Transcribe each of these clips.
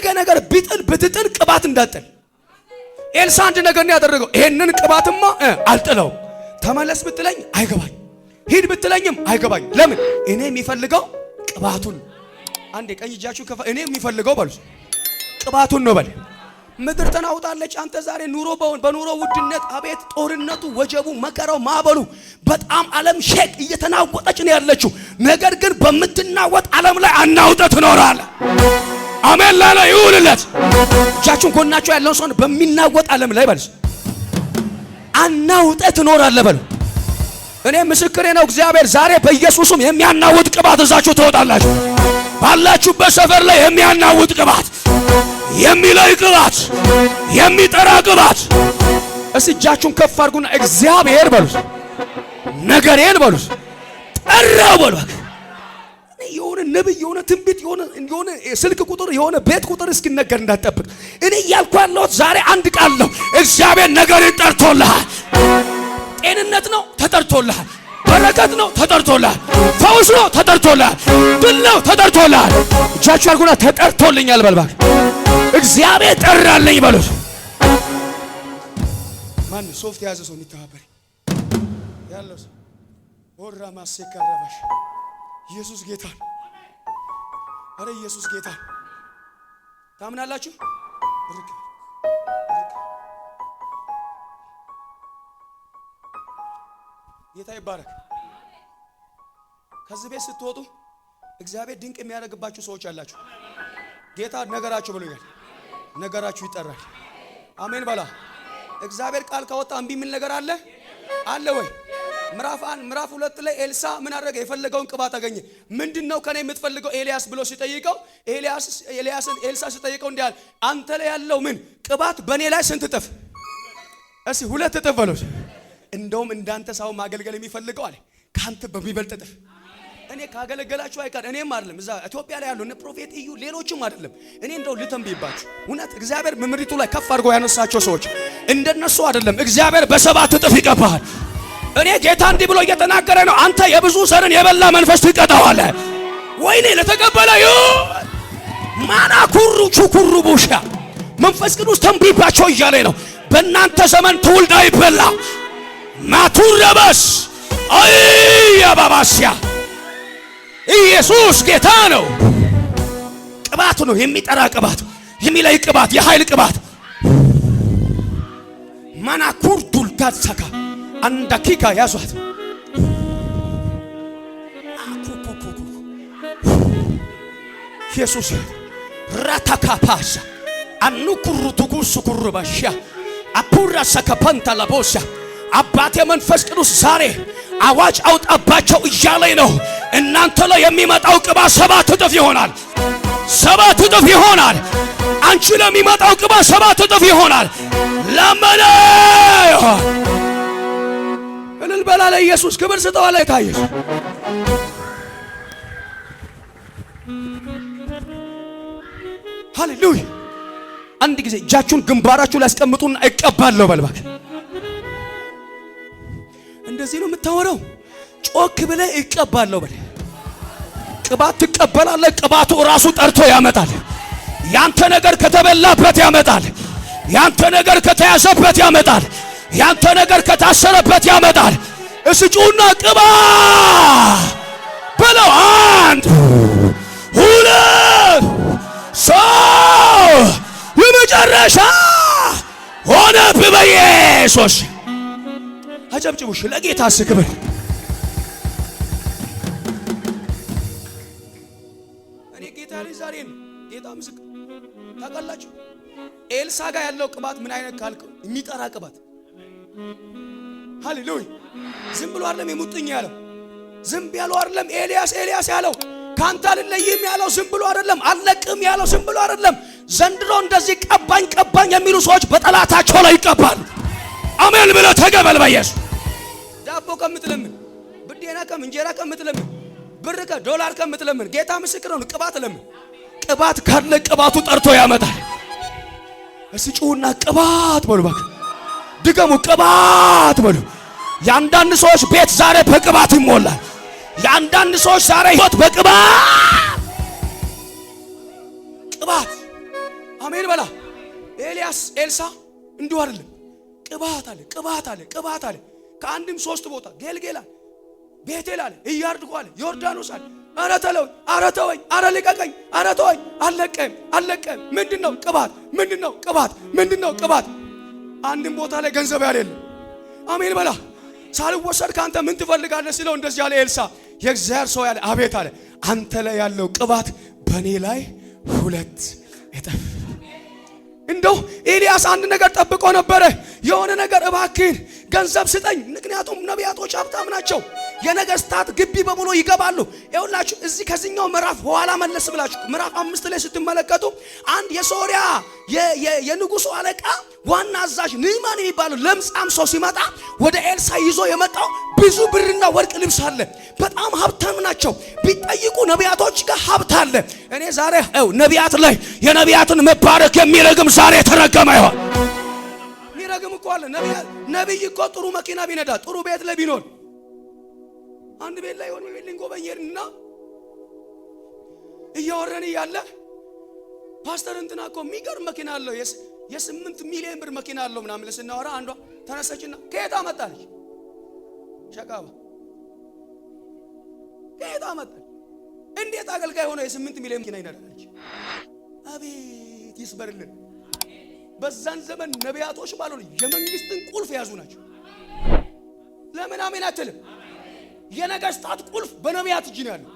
የፈለገ ነገር ቢጥል ብትጥል ቅባት እንዳጥል። ኤልሳ አንድ ነገር ነው ያደረገው። ይሄንን ቅባትማ አልጥለው ተመለስ ብትለኝ አይገባኝ፣ ሂድ ብትለኝም አይገባኝ። ለምን? እኔ የሚፈልገው ቅባቱን። አንዴ ቀኝ እጃችሁ ከፋ። እኔ የሚፈልገው በሉ ቅባቱን ነው በል። ምድር ተናውጣለች። አንተ ዛሬ ኑሮ በኑሮ ውድነት አቤት ጦርነቱ፣ ወጀቡ፣ መከራው፣ ማዕበሉ በጣም ዓለም ሼክ እየተናወጠች ነው ያለችው። ነገር ግን በምትናወጥ ዓለም ላይ አናውጠ ትኖራለህ። አሜን ላለ ይሁንለት። እጃችሁን ጎናችሁ ያለውን ሰውን በሚናወጥ ዓለም ላይ በልስ አናውጠ ትኖራለህ በሉ። እኔ ምስክሬ ነው። እግዚአብሔር ዛሬ በኢየሱስም የሚያናውጥ ቅባት እዛችሁ ትወጣላችሁ። ባላችሁበት ሰፈር ላይ የሚያናውጥ ቅባት፣ የሚለይ ቅባት፣ የሚጠራ ቅባት። እስ እጃችሁን ከፍ አድርጉና እግዚአብሔር በሉት፣ ነገሬን በሉት፣ ጠራው በሉ ነብይ የሆነ ትንቢት የሆነ የሆነ ስልክ ቁጥር የሆነ ቤት ቁጥር እስኪነገር እንዳትጠብቅ። እኔ እያልኩ ያለሁት ዛሬ አንድ ቃል ነው። እግዚአብሔር ነገርን ጠርቶልሃል። ጤንነት ነው ተጠርቶልሃል። በረከት ነው ተጠርቶልሃል። ፈውስ ነው ተጠርቶልሃል። ድል ነው ተጠርቶልሃል። እጃችሁ አልኩና ተጠርቶልኛል በልባ እግዚአብሔር ጠራልኝ በሉት። ማን ሶፍት የያዘ ሰው የሚተባበር ያለው ሰው ወራ ማሴ ከረበሽ ኢየሱስ ጌታ ነው። አረ ኢየሱስ ጌታ ታምናላችሁ? ጌታ ይባረክ። ከዚህ ቤት ስትወጡ እግዚአብሔር ድንቅ የሚያደርግባችሁ ሰዎች አላችሁ። ጌታ ነገራችሁ ብሎኛል። ነገራችሁ ይጠራል። አሜን በላ። እግዚአብሔር ቃል ካወጣ እምቢ የሚል ነገር አለ አለ ወይ? ምዕራፍ አንድ ሁለት ላይ ኤልሳ ምን አደረገ? የፈለገውን ቅባት አገኘ። ምንድን ነው ከኔ የምትፈልገው ኤልያስ ብሎ ሲጠይቀው ኤልያስን ኤልሳ ሲጠይቀው እንዲህ አለ፣ አንተ ላይ ያለው ምን ቅባት በእኔ ላይ ስንት እጥፍ? እስኪ ሁለት እጥፍ በሎች። እንደውም እንዳንተ ሰው ማገልገል የሚፈልገው አለ ከአንተ በሚበልጥ እጥፍ እኔ ካገለገላችሁ አይቀር እኔም አይደለም እዛ ኢትዮጵያ ላይ ያሉ እነ ፕሮፌት እዩ ሌሎችም አይደለም። እኔ እንደው ልተንብይባችሁ እውነት እግዚአብሔር ምምሪቱ ላይ ከፍ አድርጎ ያነሳቸው ሰዎች እንደነሱ አይደለም። እግዚአብሔር በሰባት እጥፍ ይቀባሃል። እኔ ጌታ እንዲህ ብሎ እየተናገረ ነው። አንተ የብዙ ሰርን የበላ መንፈስ ትቀጣዋለ። ወይኔ ለተቀበለ ዩ ኩሩ ቹኩሩ ቡሻ መንፈስ ቅዱስ ተንቢባቸው እያለ ነው። በእናንተ ዘመን ትውልድ አይበላ ማቱረበስ አይ አባባሲያ ኢየሱስ ጌታ ነው። ቅባት ነው የሚጠራ ቅባት፣ የሚለይ ቅባት፣ የኃይል ቅባት ማናኩር ዱልጋት ሰካ አንድ ደቂቃ ያዟት። ኢየሱስ ራታካፓሳ አኑኩሩ ትጉሱ ኩሩ አፑራ ሰከፓንታ ለቦሳ አባቴ መንፈስ ቅዱስ ዛሬ አዋጅ አውጣባቸው እያለኝ ነው። እናንተ ላይ የሚመጣው ቅባ ሰባት እጥፍ ይሆናል። ሰባት እጥፍ ይሆናል። አንቺ ለሚመጣው ቅባ ሰባት እጥፍ ይሆናል። ለመነ አሁን እንበላ ኢየሱስ ክብር ስጠዋ ላይ ታየሽ ሃሌሉያ። አንድ ጊዜ እጃችሁን ግንባራችሁ ላይ አስቀምጡና እቀባለሁ በልባክ። እንደዚህ ነው የምታወራው። ጮክ ብለ እቀባለሁ በል። ቅባት ትቀበላለ። ቅባቱ ራሱ ጠርቶ ያመጣል። ያንተ ነገር ከተበላበት ያመጣል። ያንተ ነገር ከተያዘበት ያመጣል። ያንተ ነገር ከታሰረበት ያመጣል። እስጩና ቅባ በለው። አንድ ሁለት ሰው የመጨረሻ ሆነ በኢየሱስ አጨብጭቡሽ ለጌታ ስክብር እኔ ጌታ ላይ ዛሬ ነው ጌታ ምስክር ታውቃላችሁ ኤልሳ ጋር ያለው ቅባት ምን አይነት ካልከው የሚጠራ ቅባት ሃሌሉያ። ዝም ብሎ አይደለም የሙጥኝ ያለው፣ ዝም ብሎ አይደለም ኤልያስ ኤልያስ ያለው፣ ካንተ አልለይም ያለው፣ ዝም ብሎ አይደለም አልለቅም ያለው፣ ዝም ብሎ አይደለም። ዘንድሮ እንደዚህ ቀባኝ ቀባኝ የሚሉ ሰዎች በጠላታቸው ላይ ይቀባሉ። አሜን ብለ ተገበል። በኢየሱስ ዳቦ ከምትለምን ብዴና ከም እንጀራ ከምትለምን ብር ዶላር ከምትለምን ጌታ ምስክር ነው። ቅባት ለምን ቅባት ካለ ቅባቱ ጠርቶ ያመጣል። እስጩና ቅባት በሉ እባክህ ድገሙ። ቅባት በሉ። የአንዳንድ ሰዎች ቤት ዛሬ በቅባት ይሞላል። የአንዳንድ ሰዎች ዛሬ ህይወት በቅባት ቅባት። አሜን በላ። ኤልያስ ኤልሳ እንዲሁ አይደለም። ቅባት አለ፣ ቅባት አለ፣ ቅባት አለ። ከአንድም ሶስት ቦታ ጌልጌላ፣ ቤቴል አለ፣ እያርድኩ አለ፣ ዮርዳኖስ አለ። አረ ተለወኝ፣ አረ ተወኝ፣ አረ ልቀቀኝ፣ አረ ተወኝ። አለቀም፣ አለቀም። ነው ቅባት? ምንድነው ቅባት? ቅባት? አንድም ቦታ ላይ ገንዘብ ያለል አሜን በላ ሳልወሰድ ከአንተ ምን ትፈልጋለህ ሲለው እንደዚህ ያለ ኤልሳ የእግዚአብሔር ሰው ያለ አቤት አለ አንተ ላይ ያለው ቅባት በእኔ ላይ ሁለት እጠፍ እንደው ኤልያስ አንድ ነገር ጠብቆ ነበረ የሆነ ነገር እባክህን ገንዘብ ስጠኝ ምክንያቱም ነቢያቶች ሀብታም ናቸው የነገስታት ግቢ በሙሉ ይገባሉ። ይኸውላችሁ እዚህ ከዚህኛው ምዕራፍ በኋላ መለስ ብላችሁ ምዕራፍ አምስት ላይ ስትመለከቱ አንድ የሶሪያ የንጉሱ አለቃ ዋና አዛዥ ንዕማን የሚባለው ለምጻም ሰው ሲመጣ ወደ ኤልሳ ይዞ የመጣው ብዙ ብርና ወርቅ ልብስ አለ። በጣም ሀብታም ናቸው። ቢጠይቁ ነቢያቶች ጋር ሀብት አለ። እኔ ዛሬ ው ነቢያት ላይ የነቢያትን መባረክ የሚረግም ዛሬ የተረገመ ይሆን። ሚረግም እኮ አለ ነቢይ እኮ ጥሩ መኪና ቢነዳ ጥሩ ቤት ላይ ቢኖር አንድ ቤት ላይ ሆነ ቤት ልንጎበኝ ሄድንና እያወረን እያለ ፓስተር እንትና እኮ የሚገርም መኪና አለው የስምንት ሚሊዮን ብር መኪና አለው ምናምን ስናወራ አንዷ ተነሰችና ከየት አመጣለች? ሸቃባ ከየት አመጣል? እንዴት አገልጋይ ሆነው የስምንት ሚሊዮን መኪና ይነዳለች? አቤት ይስበርልን። በዛን ዘመን ነቢያቶች ባሉ የመንግስትን ቁልፍ የያዙ ናቸው። ለምን አሜን አትልም? የነገስታት ቁልፍ በነቢያት እጅ ነው ያለው።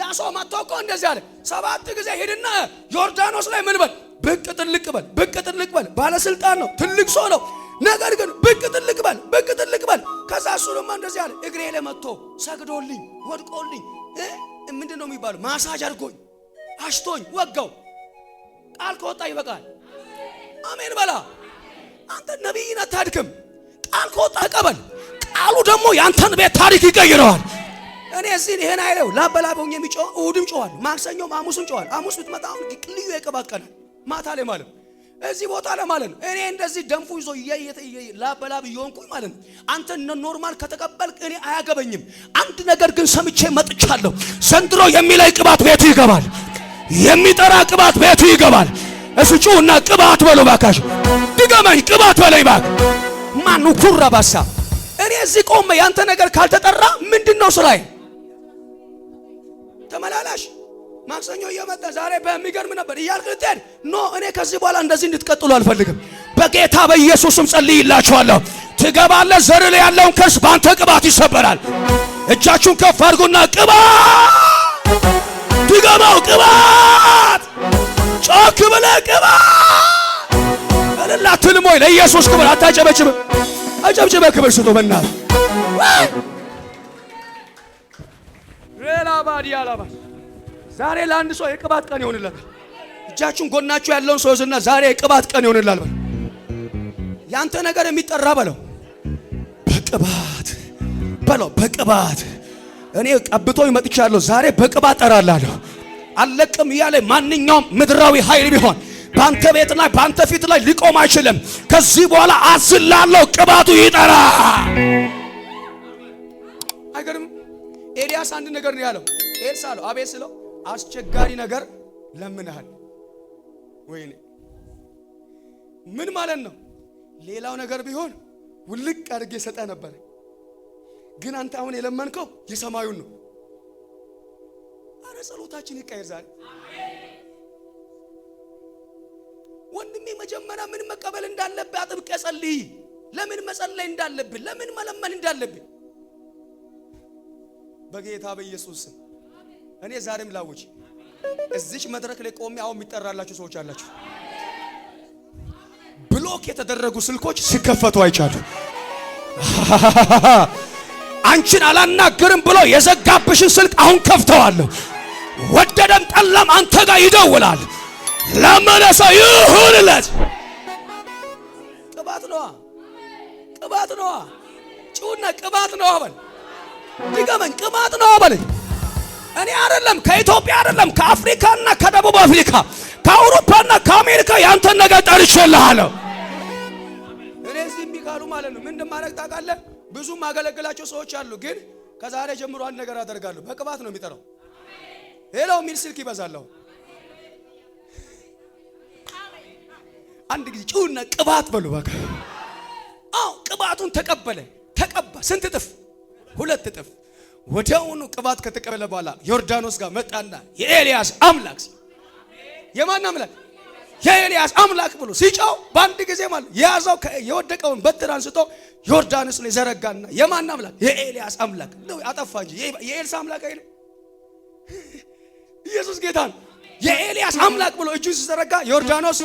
ያ ሰው መጥቶ እኮ እንደዚህ አለ፣ ሰባት ጊዜ ሄድና ዮርዳኖስ ላይ ምን በል ብቅ ጥልቅ በል ብቅ ጥልቅ በል። ባለስልጣን ነው፣ ትልቅ ሰው ነው። ነገር ግን ብቅ ጥልቅ በል ብቅ ጥልቅ በል። ከዛ እሱ ደግሞ እንደዚህ አለ፣ እግሬ ለመጥቶ ሰግዶልኝ ወድቆልኝ ምንድን ነው የሚባለው ማሳጅ አድርጎኝ አሽቶኝ ወጋው። ቃል ከወጣ ይበቃል። አሜን በላ። አንተ ነቢይን አታድክም። ቃል ከወጣ ቀበል መቅረቡ ደግሞ ያንተን ቤት ታሪክ ይቀይረዋል። እኔ እዚህ ይሄን አይለው ላበላበውኝ የሚጮህ እሁድም ጮኋለሁ፣ ማክሰኞም ሐሙስም ጮኋለሁ። ሐሙስ ብትመጣ አሁን ልዩ የቀባቀለ ማታ ላይ ማለት እዚህ ቦታ ላይ ማለት ነው። እኔ እንደዚህ ደንፉ ይዞ ላበላብ እየሆንኩኝ ማለት ነው። አንተ ኖርማል ከተቀበልክ እኔ አያገበኝም። አንድ ነገር ግን ሰምቼ መጥቻለሁ። ዘንድሮ የሚለይ ቅባት ቤቱ ይገባል። የሚጠራ ቅባት ቤቱ ይገባል። እሱ ጩሁና ቅባት በለው ባካሽ፣ ድገመኝ ቅባት በለኝ ባክ ማኑ ኩራ ባሳ እኔ እዚህ ቆመ ያንተ ነገር ካልተጠራ ምንድን ነው ስራይ? ተመላላሽ ማክሰኞ እየመጣ ዛሬ በሚገርም ነበር እያልክ ልትሄድ ኖ። እኔ ከዚህ በኋላ እንደዚህ እንድትቀጥሉ አልፈልግም። በጌታ በኢየሱስም ጸልይላችኋለሁ። ትገባለ ዘር ላይ ያለውን ከርስ በአንተ ቅባት ይሰበራል። እጃችሁን ከፍ አድርጉና ቅባ ትገባው ቅባት ጮክ ብለ ቅባ እልል አትልም ለኢየሱስ ክብር አታጨበጭብም? አጨብጭበ ክብር ስጡ። በእናት ሌላ ባዲ ዛሬ ለአንድ ሰው የቅባት ቀን ይሆንለታል። እጃችሁን ጎናችሁ ያለውን ሰው ዝና ዛሬ የቅባት ቀን ይሆንላል። በል ያንተ ነገር የሚጠራ በለው በቅባት በለው በቅባት እኔ ቀብቶ ይመጥቻለሁ ዛሬ በቅባት ጠራላለሁ አለቅም እያለ ማንኛውም ምድራዊ ኃይል ቢሆን ባንተ ቤት ላይ ባንተ ፊት ላይ ሊቆም አይችልም። ከዚህ በኋላ አዝላለሁ፣ ቅባቱ ይጠራ። አይገርም? ኤልያስ አንድ ነገር ነው ያለው። ኤልሳ አለው አቤት ስለው አስቸጋሪ ነገር ለምንሃል። ወይኔ ምን ማለት ነው? ሌላው ነገር ቢሆን ውልቅ አድርጌ ሰጠህ ነበር፣ ግን አንተ አሁን የለመንከው የሰማዩን ነው። አረ ጸሎታችን ይቀየር ዛሬ ወንድሜ መጀመሪያ ምን መቀበል እንዳለብህ አጥብቀ ጸልይ። ለምን መጸለይ እንዳለብህ፣ ለምን መለመን እንዳለብህ በጌታ በኢየሱስ እኔ ዛሬም ላውጭ እዚች መድረክ ላይ ቆሜ አሁን የሚጠራላችሁ ሰዎች አላችሁ። ብሎክ የተደረጉ ስልኮች ሲከፈቱ አይቻሉ። አንቺን አላናገርም ብሎ የዘጋብሽን ስልክ አሁን ከፍተዋለሁ። ወደደም ጠላም አንተ ጋር ይደውላል። ላመነ ሰው ይሁንለት። ቅባት ነዋ፣ ቅባት ነዋ። ጭውና ቅባት ነዋ በል፣ ድገመኝ። ቅባት ነዋ በል። እኔ አይደለም ከኢትዮጵያ አይደለም ከአፍሪካና ከደቡብ አፍሪካ ከአውሮፓና ከአሜሪካ ያንተን ነገር ጠርቼልሃለሁ። እኔ እዚህ እምቢ ማለት ነው ምን እንደማደርግ ታውቃለህ? ብዙ ማገለግላቸው ሰዎች አሉ፣ ግን ከዛሬ ጀምሮ አንድ ነገር አደርጋለሁ። በቅባት ነው የሚጠራው። ሄሎ የሚል ስልክ ይበዛለሁ አንድ ጊዜ ጭውና ቅባት በሉ። በቃ አዎ፣ ቅባቱን ተቀበለ ተቀባ። ስንት እጥፍ? ሁለት እጥፍ። ወዲያውኑ ቅባት ከተቀበለ በኋላ ዮርዳኖስ ጋር መጣና የኤልያስ አምላክ የማን አምላክ የኤልያስ አምላክ ብሎ ሲጫው በአንድ ጊዜ ማለት የያዘው የወደቀውን በትር አንስቶ ዮርዳኖስ ላይ ዘረጋና የማን አምላክ የኤልያስ አምላክ ነው። አጠፋ እንጂ የኤልሳ አምላክ አይደለም። ኢየሱስ ጌታ ነው። የኤልያስ አምላክ ብሎ እጁን ሲዘረጋ ዮርዳኖስ